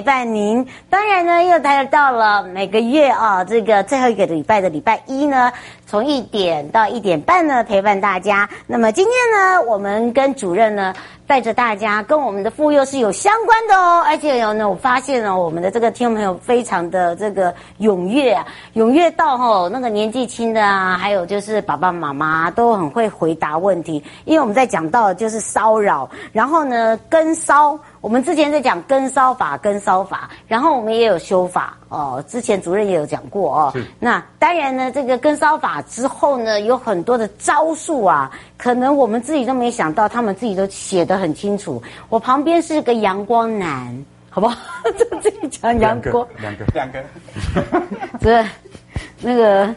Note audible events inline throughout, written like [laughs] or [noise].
陪伴您。當然呢，又到了每個月啊這個最後一個禮拜的禮拜一呢，從一點到一點半呢，陪伴大家。那麼今天呢，我們跟主任呢帶着大家跟我們的婦幼是有相關的哦、喔，而且有呢，我發現呢、喔，我們的這個聽眾朋友非常的這個踴躍啊，踊躍到哦、喔，那個年紀輕的啊，還有就是爸爸媽媽都很會回答問題，因為我們在講到的就是騷擾，然後呢跟騷，我們之前在講跟騷法跟騷法，然後。我們也有修法哦，之前主任也有講過哦。是那當然呢，這個跟騷法之後呢，有很多的招數啊，可能我們自己都沒想到，他們自己都寫得很清楚。我旁邊是個陽光男，好不好？這這一講陽光，兩個，兩個，這。 [laughs] 那個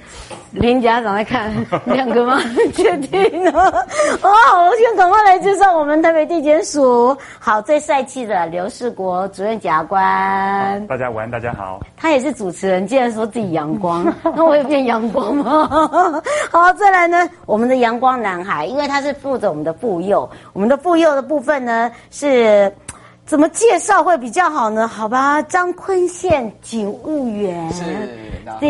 林家長在看兩個嗎？確 [laughs] 定嗎？ [laughs] 哦，我先趕快來介紹我們台北地檢署好，最帥氣的劉仕國主任檢察官。大家晚安，大家好。他也是主持人，竟然說自己陽光， [laughs] 那我也變陽光嗎？ [laughs] 好？好，再來呢，我們的陽光男孩，因為他是負責我們的婦幼，我們的婦幼的部分呢是。怎麼介紹會比較好呢？好吧，張坤憲警務員，是，對，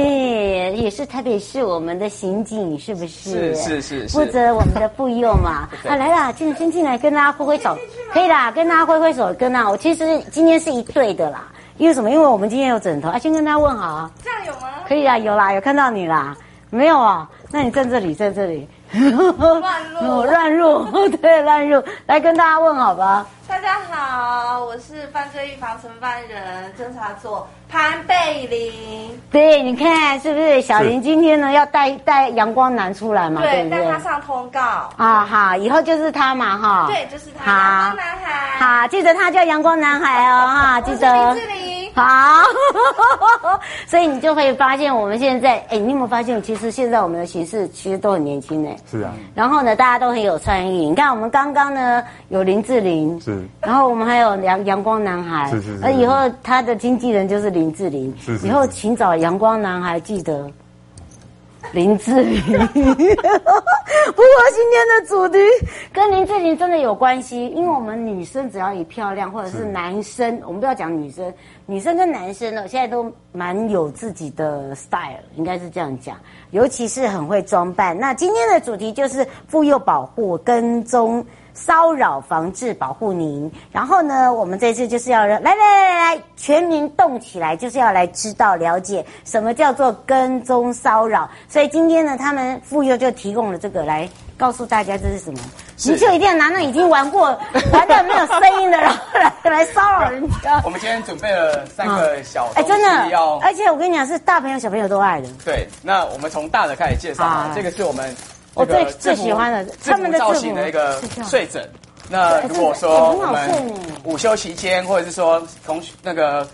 也是台北市我們的刑警，是不是？是是是是，負責我們的婦幼嘛？好 [laughs] 對、啊，來啦，進先進來，跟大家揮揮手，可以，可以啦，跟大家揮揮手，跟啊，我其實今天是一對的啦，因為什麼？因為我們今天有枕頭啊，先跟大家問好、啊，這樣有嗎？可以啦、啊，有啦，有看到你啦，沒有啊？那你站這裡，站這裡。亂入、哦，亂入，對，亂入， [laughs] 來跟大家問好吧。大家好，我是犯罪預防承辦人偵查組潘貝林。對，你看是不是？小林今天呢要帶帶陽光男出來嘛？是對，帶他上通告。啊，好，以後就是他嘛，哈。對，就是他。好陽光男孩，好，記得他叫陽光男孩哦， [laughs] 哈，記得。好呵呵呵，所以你就會發現我們現在，哎、欸，你有沒有發現，其實現在我們的形式其實都很年輕、欸，哎，是啊。然後呢，大家都很有創意。你看，我們剛剛呢有林志玲，是。然後我們還有陽陽光男孩，是是,是是。而以後他的經紀人就是林志玲，是是,是是。以後請找陽光男孩，記得林志玲。不過今天的主題跟林志玲真的有關係，因為我們女生只要以漂亮，或者是男生，我們不要講女生。女生跟男生呢，現在都蠻有自己的 style，應該是這樣講，尤其是很會裝扮。那今天的主題就是婦幼保護跟蹤。騷擾防治保護您。然後呢，我們這次就是要讓來來來來來，全民動起來，就是要來知道了解什麼叫做跟蹤騷擾。所以今天呢，他們婦幼就提供了這個來告訴大家這是什麼。是你就一定要拿那個已經玩過、玩的沒有聲音的了， [laughs] 然後來來騷擾人家。我們今天準備了三個小，哎、啊，欸、真的，而且我跟你講是大朋友小朋友都愛的。對，那我們從大的開始介紹啊，啊這個是我們。我最最喜歡的，他們的造型的一個睡枕。那如果說我們午休期間，或者是說同學那個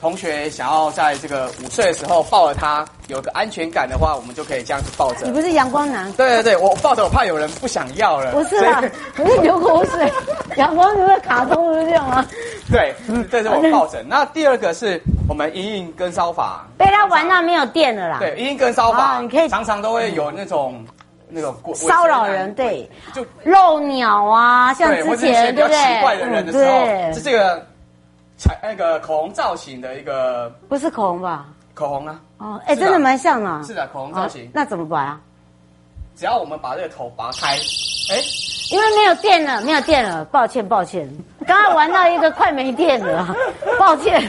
同學想要在這個午睡的時候抱著他有個安全感的話，我們就可以這樣子抱枕。你不是陽光男？對對對，我抱着我怕有人不想要了。不是啦，不以是流口水，陽 [laughs] 光是不是卡通，不是這樣嗎？對，這，就是我們抱枕。那第二個是我們瑩瑩跟燒法，被他玩到沒有電了啦。對，瑩瑩跟燒法，常常都會有那種。那個騷擾人，對，就漏鳥啊，像之前對不對？奇怪的人的時候是這個那個口紅造型的一個，不是口紅吧？口紅啊，哦，哎，真的蠻像啊。是的，口紅造型。那怎麼辦啊？只要我們把這個頭拔開，哎，因為沒有電了，沒有電了，抱歉，抱歉，剛剛玩到一個快沒電了，抱歉，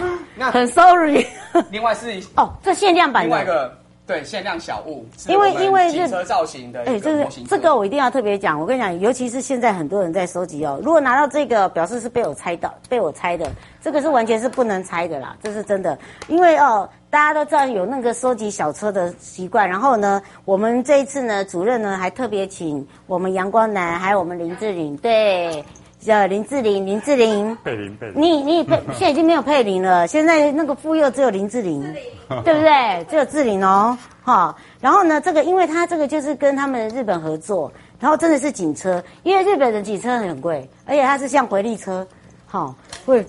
很 sorry。另外是哦，這限量版的另外一個。對，限量小物，因為因為是車造型的型，哎、欸，這個這個我一定要特別講。我跟你講，尤其是現在很多人在收集哦。如果拿到這個，表示是被我猜到，被我猜的，這個是完全是不能猜的啦，這是真的。因為哦，大家都知道有那個收集小車的習慣，然後呢，我們這一次呢，主任呢還特別請我們陽光男還有我們林志玲對。呃，林志玲，林志玲，佩玲，佩玲，你你佩，現在已經沒有佩玲了， [laughs] 現在那個婦幼只有林志玲，志玲 [laughs] 對不對？只有志玲哦，哈、哦。然後呢，這個，因為它這個就是跟他們的日本合作，然後真的是警車，因為日本的警車很貴，而且它是像回力車，好、哦，會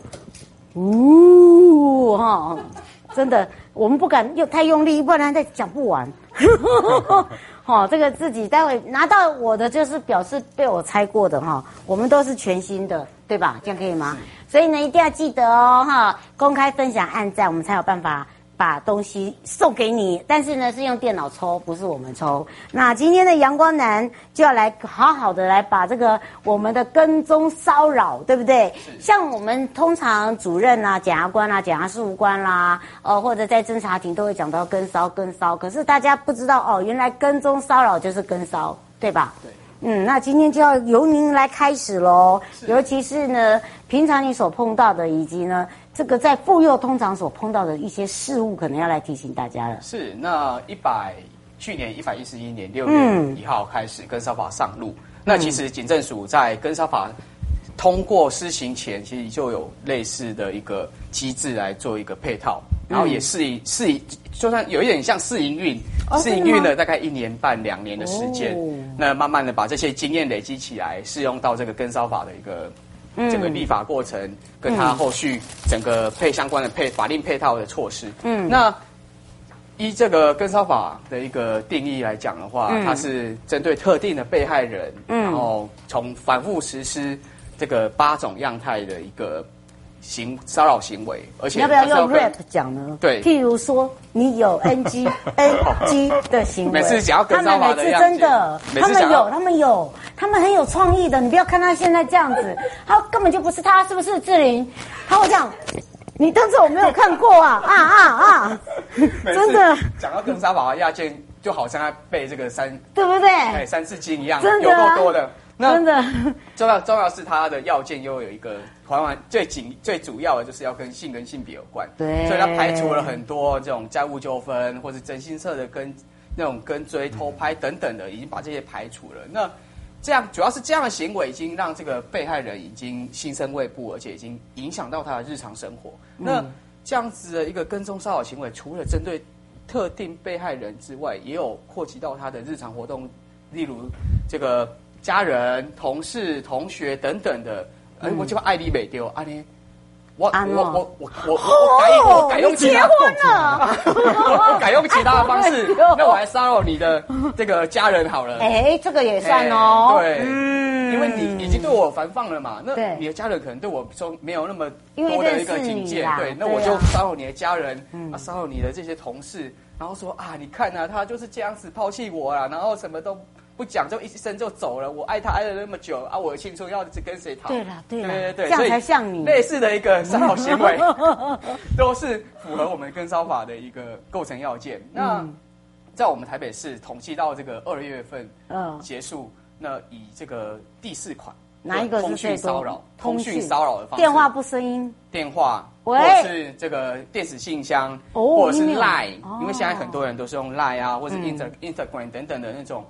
嗚哈，真的，我們不敢用太用力，不然再講不完。呵呵呵 [laughs] 哦，這個自己待會拿到我的就是表示被我猜過的哈，我們都是全新的，對吧？這樣可以嗎？是所以呢，一定要記得哦哈，公開分享按讚，我們才有辦法。把東西送給你，但是呢是用電腦抽，不是我們抽。那今天的陽光男就要來好好的來把這個我們的跟蹤騷擾，對不對？是是像我們通常主任啊、檢察官啊、檢察事務官、啊、啦、呃，或者在偵查庭都會講到跟騷跟騷，可是大家不知道哦，原來跟蹤騷擾就是跟騷，對吧？對。嗯，那今天就要由您來開始嘍，是尤其是呢，平常你所碰到的以及呢，這個在婦幼通常所碰到的一些事物，可能要來提醒大家了。是，那一百去年一百一十一年六月一號開始跟騷法上路。嗯、那其實警政署在跟騷法通過施行前，其實就有類似的一個機制來做一個配套，嗯、然後也試營試營，就算有一點像試營運，試營運了大概一年半兩年的時間，哦、那慢慢的把這些經驗累積起來，適用到這個跟騷法的一個。整、嗯、個立法過程，跟他後續整個配相關的配法令配套的措施。嗯，那依這個跟騷法的一個定義來講的話，嗯、它是針對特定的被害人，嗯、然後從反復實施這個八種樣態的一個。行騷擾行為，而且要不要用 rap 講呢？對，譬如說你有 ng ng 的行為，每次講要跟騷的他們每次真的，他們有，他們有，他們很有創意的。你不要看他現在這樣子，他根本就不是他，是不是志玲？他會這樣，你當時我沒有看過啊啊啊啊！真的，講到跟沙寶亞健就好像他背這個三，對不對？三字經，一樣，真的夠多的。真的重要，重要是他的要件又有一個還完，最緊最主要的就是要跟性跟性別有關，對，所以他排除了很多這種債務糾紛或是徵信社的跟那種跟追偷拍等等的，已經把這些排除了。那這樣主要是這樣的行為已經讓這個被害人已經心生畏怖，而且已經影響到他的日常生活。那這樣子的一個跟蹤騷擾行為，除了針對特定被害人之外，也有擴及到他的日常活動，例如這個。家人、同事、同學等等的，我就把艾利美丟阿你。我我我我我改用我改用其他，改用其他的方式，那我來騷擾你的這個家人好了。哎，這個也算哦。對，因為你已經對我煩放了嘛。那你的家人可能對我說沒有那麼多的一個警戒。對，那我就騷擾你的家人，啊，騷擾你的這些同事，然後說啊，你看呢，他就是這樣子拋棄我啊，然後什麼都。不講就一生就走了，我愛他愛了那麼久啊！我的青春要跟誰談？對啦，對啦，對對對，這樣才像，你類似的一個騷擾行為，都是符合我們跟騷法的一個構成要件。那在我們台北市統計到這個二月份結束，那以這個第四款，哪一個通訊騷擾，通訊騷擾的方式，電話不聲音，電話，或是這個電子信箱，或者是 Line，因為現在很多人都是用 Line 啊，或是 Inter Instagram 等等的那種。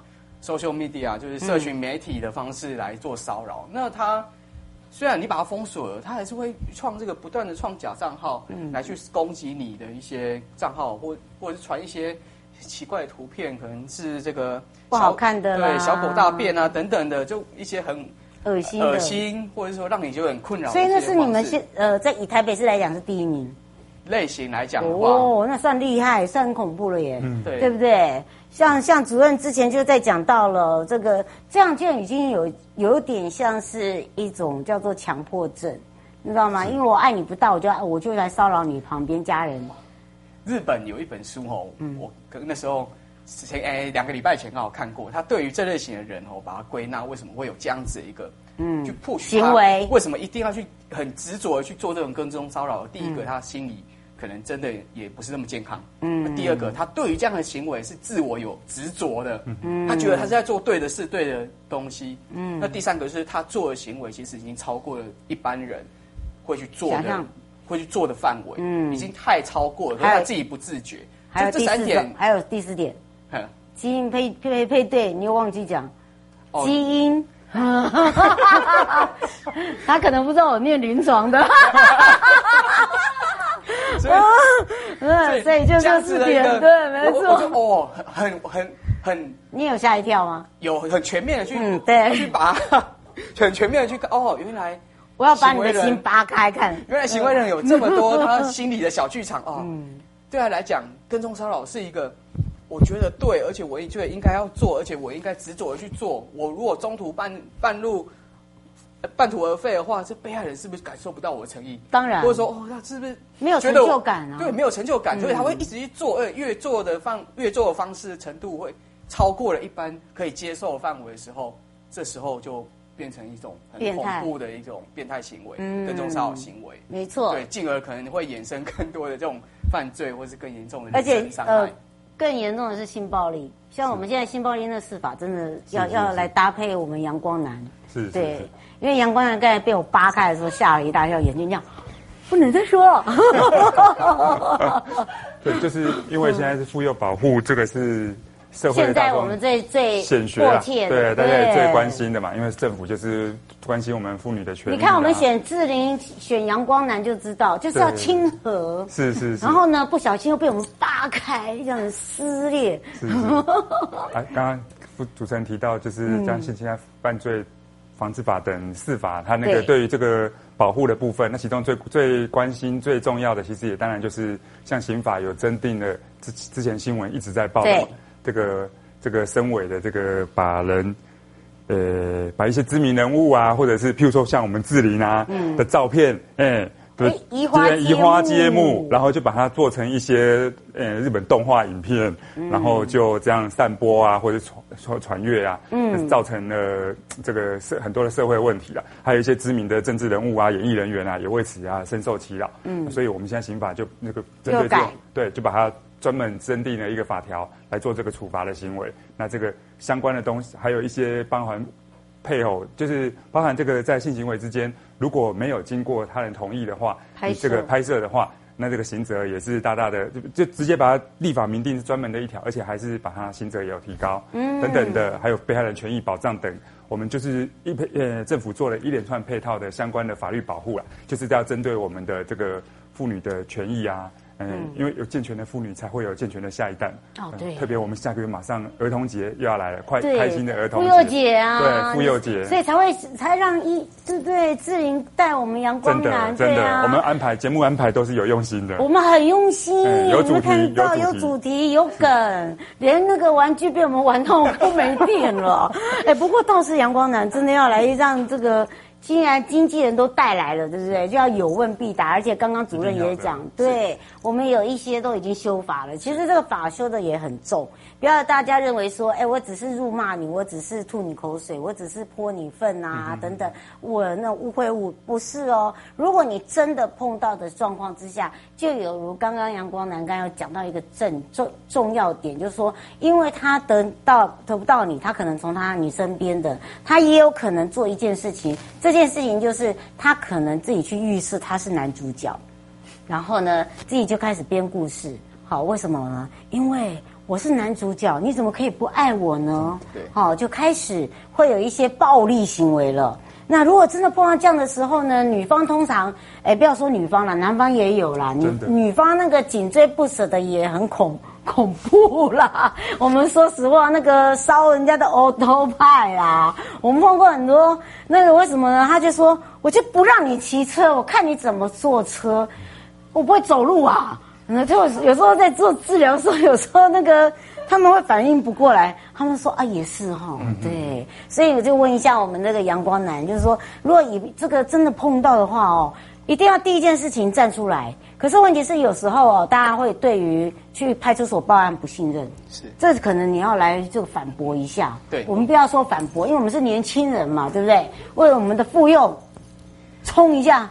social media 就是社群媒體的方式來做騷擾。嗯、那他雖然你把他封鎖了，他還是會創這個不斷的創假賬號，嗯，來去攻擊你的一些賬號，或或者是傳一些奇怪的圖片，可能是這個不好看的，對，小狗大便啊等等的，就一些很噁心噁心，或者說讓你就很困擾。所以那是你們現呃在以台北市來講是第一名，類型來講，哦，那算厲害，算恐怖了耶，嗯、對，對不對？像像主任之前就在講到了，這個這樣就已經有有點像是一種叫做強迫症，你知道嗎？是因為我愛你不到，我就我就來騷擾你旁邊家人。日本有一本書哦，我可能那時候之、嗯、前哎兩個禮拜前剛好看過，他對於這類型的人哦，把它歸納為什麼會有這樣子的一個嗯去迫 p 行為，為什麼一定要去很執着的去做這種跟蹤騷擾？嗯、第一個他心理，可能真的也不是那麼健康。嗯，第二個，他對於這樣的行為是自我有執着的。嗯，他覺得他是在做對的事、對的東西。嗯，那第三個是他做的行為其實已經超過了一般人會去做的、會去做的範圍。嗯，已經太超過了，他自己不自覺。就這三點，還有第四點，還有第四點，基因配配配對，你又忘記講基因。他可能不知道我念臨床的。啊，所以就像四點，對，沒錯，就哦，很很很，很你有嚇一跳嗎？有，很全面的去，嗯、對，去拔，很全面的去，哦，原來我要把你的心扒開看，原來行為人有這麼多他心裡的小劇場啊、 [laughs] 哦，對他來，來講，跟蹤騷擾是一個，我覺得對，而且我也覺得應該要做，而且我應該執着的去做，我如果中途半半路，半途而廢的話，這被害人是不是感受不到我的誠意？當然，或者說哦，那是不是沒有成就感啊？對，沒有成就感，嗯、所以他會一直去做，越越做的方，越做的方式程度會超過了一般可以接受的範圍的時候，這時候就變成一種很恐怖的一種變態行為，嗯態，跟蹤騷擾行為，嗯、沒錯，對，進而可能會衍生更多的這種犯罪，或者是更嚴重的人身且傷害，呃，更嚴重的是性暴力。像我們現在新包音的司法，真的要是是是要來搭配我們陽光男，是，是，對，是是是因為陽光男剛才被我扒開的時候，嚇了一大跳，眼睛亮，不能再說了。 [laughs] [laughs] 對，就是因為現在是婦幼保護，這個是。社會現在我們最最顯學的，對大家最關心的嘛，因為政府就是關心我們婦女的權利，啊。你看，我們選志玲、選陽光男就知道，就是要親和。是是，是。然後呢，不小心又被我們打開，這樣撕裂。是 [laughs] 剛剛主持人提到，就是《將性侵害犯罪防治法》等四法，它那個對於這個保護的部分，那其中最最關心、最重要的，其實也當然就是像刑法有增訂的，之之前新聞一直在報道。這個這個深偽的這個把人，呃，把一些知名人物啊，或者是譬如說像我們志玲啊，嗯，的照片，哎、欸，對，花、欸、移花接木，接木然後就把它做成一些呃、欸、日本動畫影片，嗯、然後就這樣散播啊，或者傳傳傳閱啊，嗯，造成了這個社很多的社會問題了。還有一些知名的政治人物啊、演藝人員啊，也為此啊深受其擾，嗯，所以我們現在刑法就那個針對這個，改對，就把它。專門增訂了一個法條來做這個處罰的行為。那這個相關的東西，還有一些包含配偶，就是包含這個在性行為之間如果沒有經過他人同意的話，手這個拍攝的話，那這個刑責也是大大的，就就直接把它立法明定是專門的一條，而且還是把它刑責也有提高，嗯、等等的，還有被害人權益保障等，我們就是一配呃政府做了一連串配套的相關的法律保護了，就是要針對我們的這個婦女的權益啊，嗯，因為有健全的婦女，才會有健全的下一代。哦，對。特別我們下個月馬上兒童節又要來了，快開心的兒童婦幼節啊！對，婦幼節。所以才會才讓一智對志玲帶我們陽光男。真的，真的，我們安排節目安排都是有用心的。我們很用心，有主題，有梗，連那個玩具被我們玩到都沒電了。哎，不過倒是陽光男真的要來讓這個。既然經紀人都帶來了，對不對？就要有問必答。而且剛剛主任也講，對是我們有一些都已經修法了。其實這個法修得也很重，不要大家認為說，哎，我只是辱罵你，我只是吐你口水，我只是潑你糞啊、嗯、哼等等，我的那誤會物不是哦。如果你真的碰到的狀況之下。就有如剛剛陽光男剛要講到一個正重重要點，就是說，因為他得到得不到你，他可能從他你身邊的，他也有可能做一件事情。這件事情就是他可能自己去預示他是男主角，然後呢，自己就開始編故事。好，為什麼呢？因為我是男主角，你怎麼可以不愛我呢？對，好，就開始會有一些暴力行為了。那如果真的碰到這樣的時候呢？女方通常，哎、欸，不要說女方了，男方也有啦。真的。女，女方那個緊追不捨的也很恐恐怖啦。我們說實話，那個燒人家的歐兜拜啊，我們碰過很多。那個為什麼呢？他就說，我就不讓你騎車，我看你怎麼坐車。我不會走路啊，那就有時候在做治療的時候，有時候那個。他們會反應不過來，他們說啊，也是哈，哦，嗯哼，對，所以我就問一下我們那個陽光男，就是說，如果以這個真的碰到的話哦，一定要第一件事情站出來。可是問題是，有時候哦，大家會對於去派出所報案不信任，是，這可能你要來就反駁一下，對，我們不要說反駁，因為我們是年輕人嘛，對不對？為了我們的婦幼，衝一下，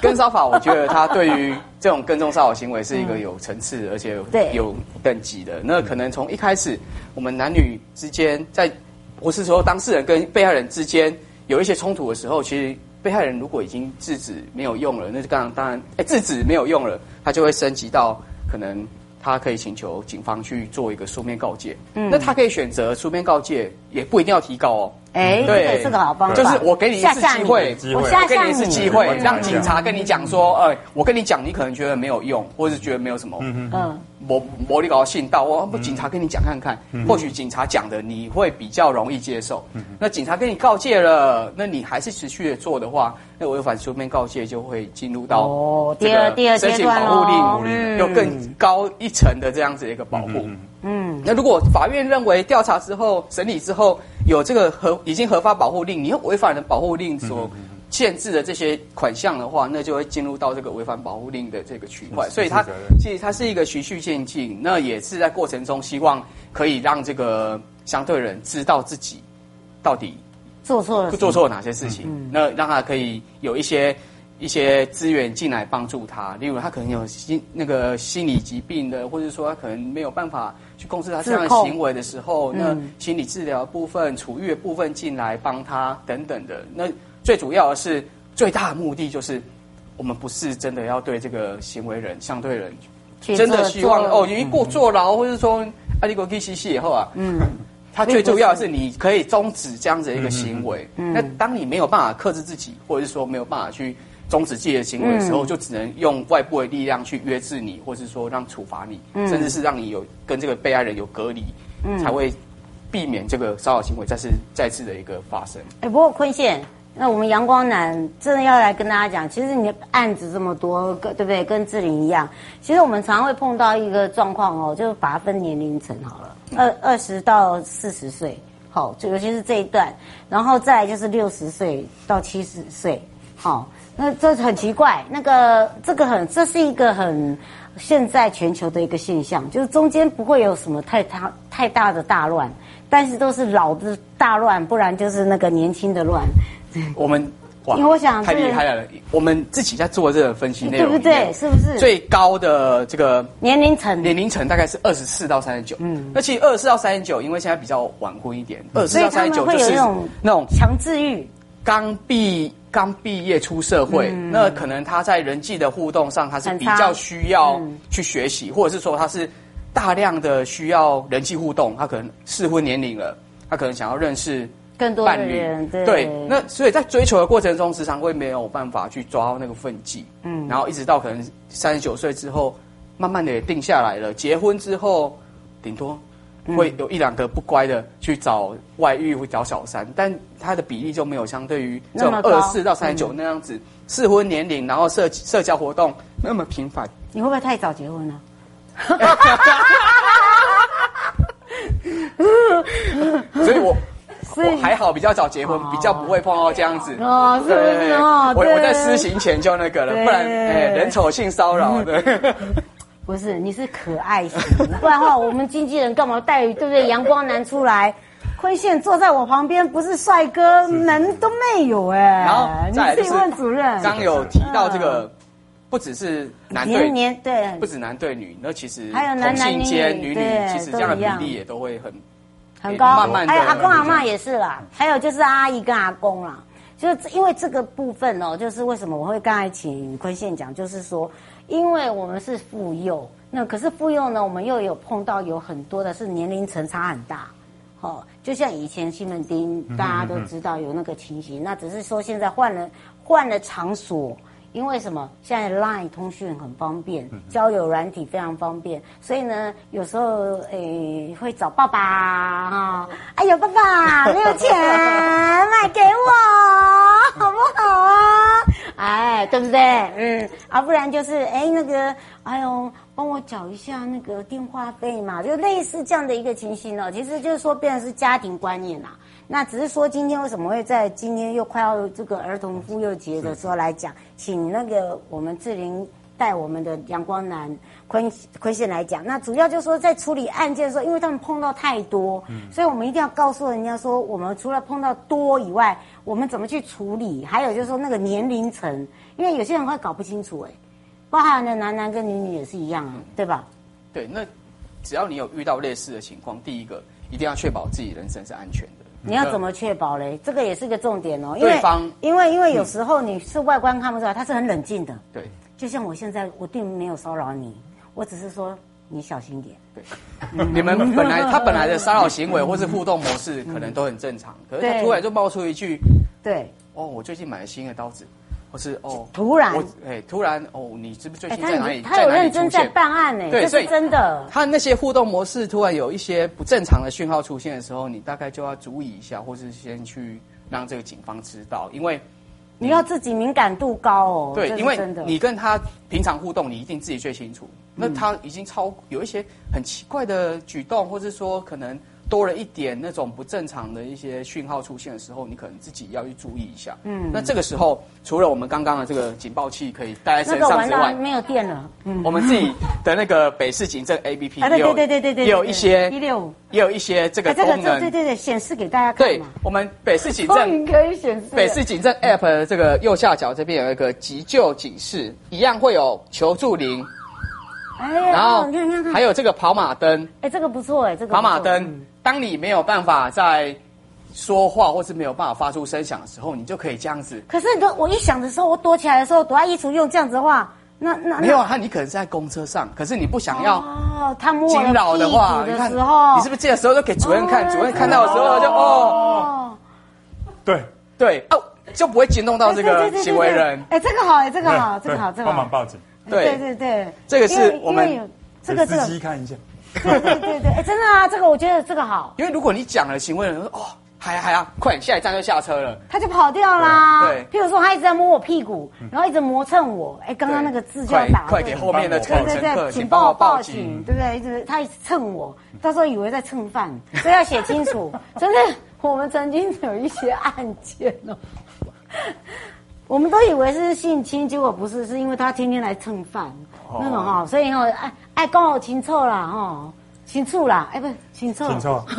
跟騷法，我覺得他對於這種跟蹤騷擾行為是一個有層次，而且有，對有等級的。那可能從一開始，我們男女之間，在不是說當事人跟被害人之間有一些衝突的時候，其實被害人如果已經制止沒有用了，那就剛剛當然，哎、欸，制止沒有用了，他就會升級到可能。他可以請求警方去做一個書面告誡，嗯、那他可以選擇書面告誡，也不一定要提高哦。哎、嗯，對，這個好方法，對就是我給你一次機會，下機會啊、我給你一次機會，讓警察跟你講說，嗯、哎，我跟你講，你可能覺得沒有用，或者是覺得沒有什麼。嗯哼哼嗯。我我你高信道，我，警察跟你講看看，或許警察講的你會比較容易接受。嗯、哼那警察跟你告誡了，那你還是持續的做的話，那違反書面告誡就會進入到這個申請、哦、第二第二階段保護令，又、嗯、更高一層的這樣子一個保護。嗯哼，嗯哼那如果法院認為調查之後審理之後有這個合已經合法保護令，你又違反了保護令說，所、嗯限制的這些款項的話，那就會進入到這個違反保護令的這個區塊，所以它對其實它是一個循序漸進，那也是在過程中希望可以讓這個相對人知道自己到底做錯了做錯哪些事情，嗯嗯、那讓他可以有一些一些資源進來幫助他，例如他可能有心、嗯、那個心理疾病的，或者說他可能沒有辦法去控制他這樣的行為的時候，嗯、那心理治療部分、處遇的部分進來幫他等等的那。最主要的是，最大的目的就是，我們不是真的要對這個行為人、相對人，真的希望哦，有一過坐牢，嗯、或者說阿里國際信息以後啊，洗洗啊嗯，他最重要的是你可以終止這樣子的一個行為。嗯、那當你沒有辦法克制自己，或者是說沒有辦法去終止自己的行為的時候，嗯、就只能用外部的力量去約制你，或者是說讓處罰你，嗯、甚至是讓你有跟這個被害人有隔離，嗯、才會避免這個騷擾行為再次、再次的一個發生。哎、欸，不過坤憲。那我們陽光男真的要來跟大家講，其實你的案子這麼多，對不對？跟志玲一樣，其實我們常會碰到一個狀況哦，就是把它分年齡層好了，二二十到四十歲，好，尤其是這一段，然後再來就是六十歲到七十歲，好，那這很奇怪，那個這個很，這是一個很現在全球的一個現象，就是中間不會有什麼太大太大的大亂，但是都是老的大亂，不然就是那個年輕的亂。 [laughs] 我們，哇我想太厲害了。我們自己在做這個分析內容，對不對？是不是最高的這個年齡層？年齡層大概是二十四到三十九。嗯，那其實二十四到三十九，因為現在比較晚婚一點，二十四到三十九就是那種那種強自愈。剛畢剛畢業出社會，嗯、那可能他在人際的互動上，他是比較需要去學習，或者是說他是大量的需要人際互動。他可能適婚年齡了，他可能想要認識。更多人年對，對，那所以在追求的過程中，時常會沒有辦法去抓那個分際。嗯，然後一直到可能三十九歲之後，慢慢的也定下來了。結婚之後，頂多會有一兩個不乖的去找外遇或找小三，嗯、但他的比例就沒有相對於這種二十四到三十九那樣子適、嗯、婚年齡，然後社社交活動那麼頻繁。你會不會太早結婚呢？哈哈哈哈哈！ [laughs] [laughs] [laughs] 所以我。我還好，比較早結婚，比較不會碰到這樣子。哦，是不是哦？我我在私行前就那個了，不然，哎，人醜性騷擾的。不是，你是可愛型。不然的話，我們經紀人幹嘛帶？對不對？陽光男出來，坤憲坐在我旁邊，不是帥哥，門都沒有哎。然後再次請問主任。剛有提到這個，不只是男對年對，不止男對女，那其實還有男。性戀、女女，其實這樣的比例也都會很。很高，欸、慢慢還有阿公阿嬤，也是啦，對還有就是阿姨跟阿公啦，就是因為這個部分哦、喔，就是為什麼我會剛才請坤憲講，就是說，因為我們是婦幼，那可是婦幼呢，我們又有碰到有很多的是年齡層差很大，哦，就像以前西門町，大家都知道有那個情形，嗯、哼哼，那只是說現在換了換了場所。因為什麼？現在 LINE 通訊很方便，嗯、哼交友軟體非常方便，所以呢，有時候誒會找爸爸哈、哦，哎呦爸爸， [laughs] 沒有錢買給我，好不好啊？ [laughs] 哎，對不對？嗯，啊，不然就是哎那個，哎呦，幫我繳一下那個電話費嘛，就類似這樣的一個情形哦，其實就是說，變成是家庭觀念啦、啊那只是說，今天為什麼會在今天又快要這個兒童婦幼節的時候來講，請那個我們志玲帶我們的陽光男坤坤憲來講。那主要就是說，在處理案件的時候，因為他們碰到太多，嗯、所以我們一定要告訴人家說，我們除了碰到多以外，我們怎麼去處理？還有就是說，那個年齡層，因為有些人會搞不清楚哎、欸，包含的男男跟女女也是一樣、嗯、對吧？對，那只要你有遇到類似的情況，第一個一定要確保自己人身是安全的。你要怎麼確保嘞？嗯、這個也是一個重點哦、喔。因為對方，因為因為有時候你是外觀看不出來，他是很冷靜的。對，就像我現在我並沒有騷擾你，我只是說你小心點。對，嗯、你們本來、嗯、他本來的騷擾行為或是互動模式可能都很正常，嗯、可是他突然就冒出一句，對，哦，我最近買了新的刀子。是哦，突然，我、欸，突然，哎，突然哦，你是不是最近在哪裡、欸、他，他有認真在辦案呢、欸，這是真的。他那些互動模式突然有一些不正常的訊號出現的時候，你大概就要注意一下，或是先去讓這個警方知道，因為你，你要自己敏感度高哦。對，真的，因為你跟他平常互動，你一定自己最清楚。那他已經超有一些很奇怪的舉動，或是說可能。多了一點那種不正常的一些訊號出現的時候，你可能自己要去注意一下。嗯，那這個時候除了我們剛剛的這個警報器可以戴在身上之外，沒有電了。嗯，我們自己的那個北市警政 A P P，、嗯有啊、對對對對對，也有一些一六五，對對對也有一些這個功能。啊、這個、這個這個、對，對，對，對顯示給大家看對，我們北市警政可以顯示北市警政 App 的這個右下角這邊有一個急救警示，一樣會有求助鈴。然後還有這個跑馬燈，哎，這個不錯哎，這個跑馬燈，當你沒有辦法在說話或是沒有辦法發出聲響的時候，你就可以這樣子。可是，你說我一想的時候，我躲起來的時候，躲在衣櫥用這樣子的話，那那沒有啊，你可能在公車上，可是你不想要哦，驚擾的話，你看，你是不是這個時候都給主任看？主任看到的時候就哦，哦對對哦，就不會驚動到這個行為人。哎，這個好哎，這個好，這個好，幫忙報警。對對對，這個是我們這個仔細看一下。對對對哎，真的啊，這個我覺得這個好。因為如果你講了，詢問人說哦，還還啊，快下一站就下車了，他就跑掉啦。譬如說他一直在摸我屁股，然後一直磨蹭我。哎，剛剛那個字就要打，快給後面的乘客，請幫我報警，對不對？一直他一直蹭我，他說以為在蹭飯，所以要寫清楚。真的，我們曾經有一些案件哦。我們都以為是性侵，結果不是，是因為他天天來蹭飯，哦、那種哈、哦，所以哈、哦，哎，哎，剛好清臭啦，哈、哦，清錯啦，哎不，清錯親清錯楚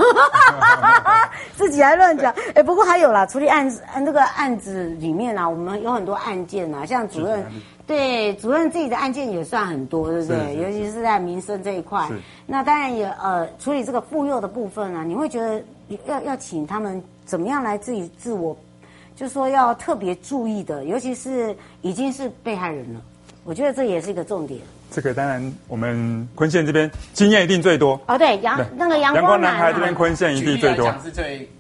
[laughs] 自己還亂講，哎對，不過還有啦，處理案子，那、這個案子裡面呐、啊，我們有很多案件呐、啊，像主任，對，主任自己的案件也算很多，對不對？啊啊、尤其是在民生這一塊，是那當然也呃，處理這個婦幼的部分啊，你會覺得要要請他們怎麼樣來自己自我。就說要特別注意的，尤其是已經是被害人了，我覺得這也是一個重點。這個當然，我們坤憲這邊經驗一定最多。啊，對，陽那個陽光男孩這邊坤憲一定最多。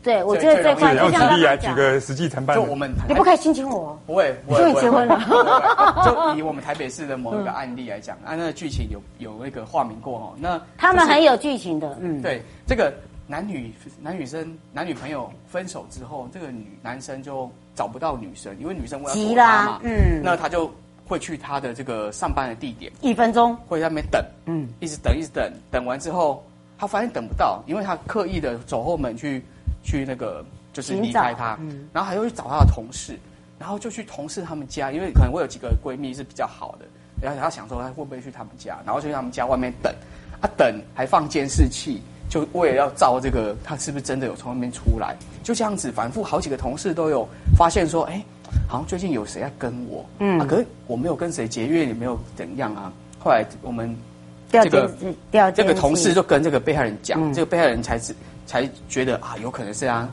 對，我覺得最際案例來講。用舉例來舉個實際承辦。就我們你不可以親親我。不會，我終於結婚了。就以我們台北市的某一個案例來講，啊，那個劇情有有那個化名過哈，那他們很有劇情的。嗯，對，這個。男女男女生男女朋友分手之後，這個女男生就找不到女生，因為女生我要上班嘛，嗯，那他就會去他的這個上班的地點，一分鐘會在那邊等，嗯，一直等一直等，等完之後他發現等不到，因為他刻意的走後門去去那個就是離開他，嗯，然後還會去找他的同事，然後就去同事他們家，因為可能我有幾個閨蜜是比較好的，然後他想說他會不會去他們家，然後就在他們家外面等，啊等還放監視器。就為了要照這個，他是不是真的有從外面出來？就這樣子反覆，好幾個同事都有發現說：“哎、欸，好像最近有誰在跟我。嗯”嗯、啊，可是我沒有跟誰結怨，也沒有怎樣啊。後來我們這個這個同事就跟這個被害人講，嗯、這個被害人才知才覺得啊，有可能是他、啊、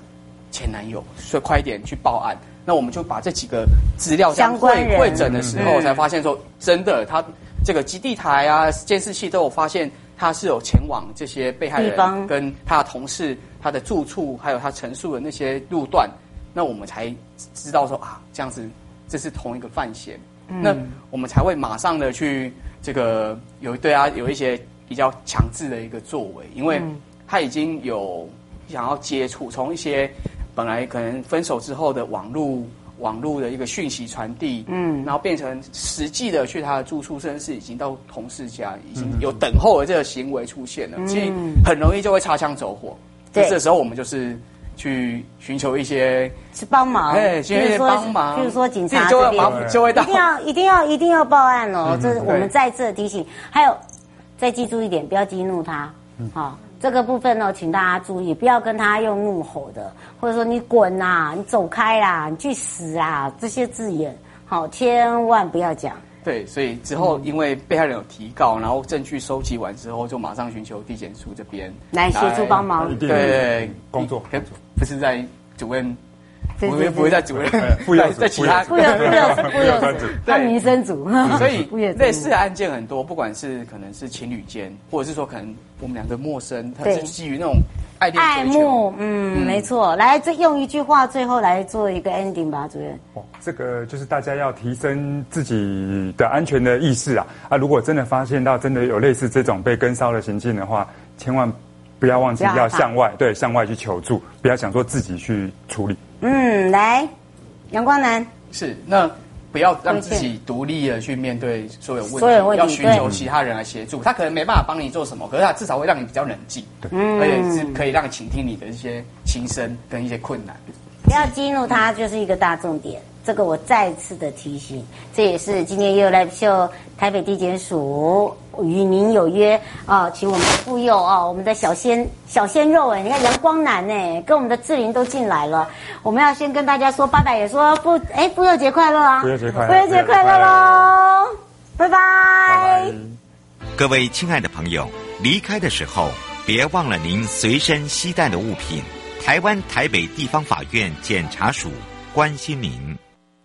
前男友，所以快一點去報案。那我們就把這幾個資料這樣相會會診的時候才發現說，嗯、真的，他這個基地台啊，監視器都有發現。他是有前往這些被害人，跟他的同事、他的住處，還有他陳述的那些路段，那我們才知道說啊，這樣子這是同一個犯嫌，嗯、那我們才會馬上的去這個有對他、啊、有一些比較強制的一個作為，因為他已經有想要接觸，從一些本來可能分手之後的網路。網絡的一個訊息傳遞，嗯，然後變成實際的去他的住處，甚至是已經到同事家，已經有等候的這個行為出現了，所以很容易就會擦槍走火。對，這時候我們就是去尋求一些去幫忙，哎，先幫忙，就是說警察就這邊，就會一定要一定要一定要報案哦，這是我們在這提醒，還有再記住一點，不要激怒他。嗯，好，這個部分呢，請大家注意，不要跟他用怒吼的，或者說你滾啊、你走開啊、你去死啊這些字眼。好，千萬不要講。對，所以之後因為被害人有提告，然後證據收集完之後，就馬上尋求地檢署這邊來協助幫忙。對，對、對，工，工作可不是在主任我們不會再組了，不在其他，不組不組不，他民生組，所以類似的案件很多，不管是可能是情侶間，或者是說可能我們兩個陌生，他是基於那種愛、愛慕，嗯，沒錯。來，再用一句話最後來做一個 ending 吧，主任。這個就是大家要提升自己的安全的意識啊！啊，如果真的發現到真的有類似這種被跟騷的行徑的話，千萬不要忘記要向外，對，向外去求助，不要想說自己去處理。嗯，來，陽光男是那不要讓自己獨立的去面對所有問，所有問題，要尋求其他人來協助。對他可能沒辦法幫你做什麼，可是他至少會讓你比較冷靜，對，而且是可以讓你傾聽你的一些心聲跟一些困難。嗯、不要激怒他，就是一個大重點。這個我再次的提醒，這也是今天又來秀台北地檢署與您有約啊，請我們的婦幼啊，我們的小鮮小鮮肉哎，你看陽光男呢，跟我們的志玲都進來了。我們要先跟大家說，八大也說不哎，婦幼節快樂啊！婦幼節快樂，婦幼節快樂嘍！樂樂拜拜。拜拜。各位親愛的朋友，離開的時候別忘了您隨身攜帶的物品。台灣台北地方法院檢察署關心您。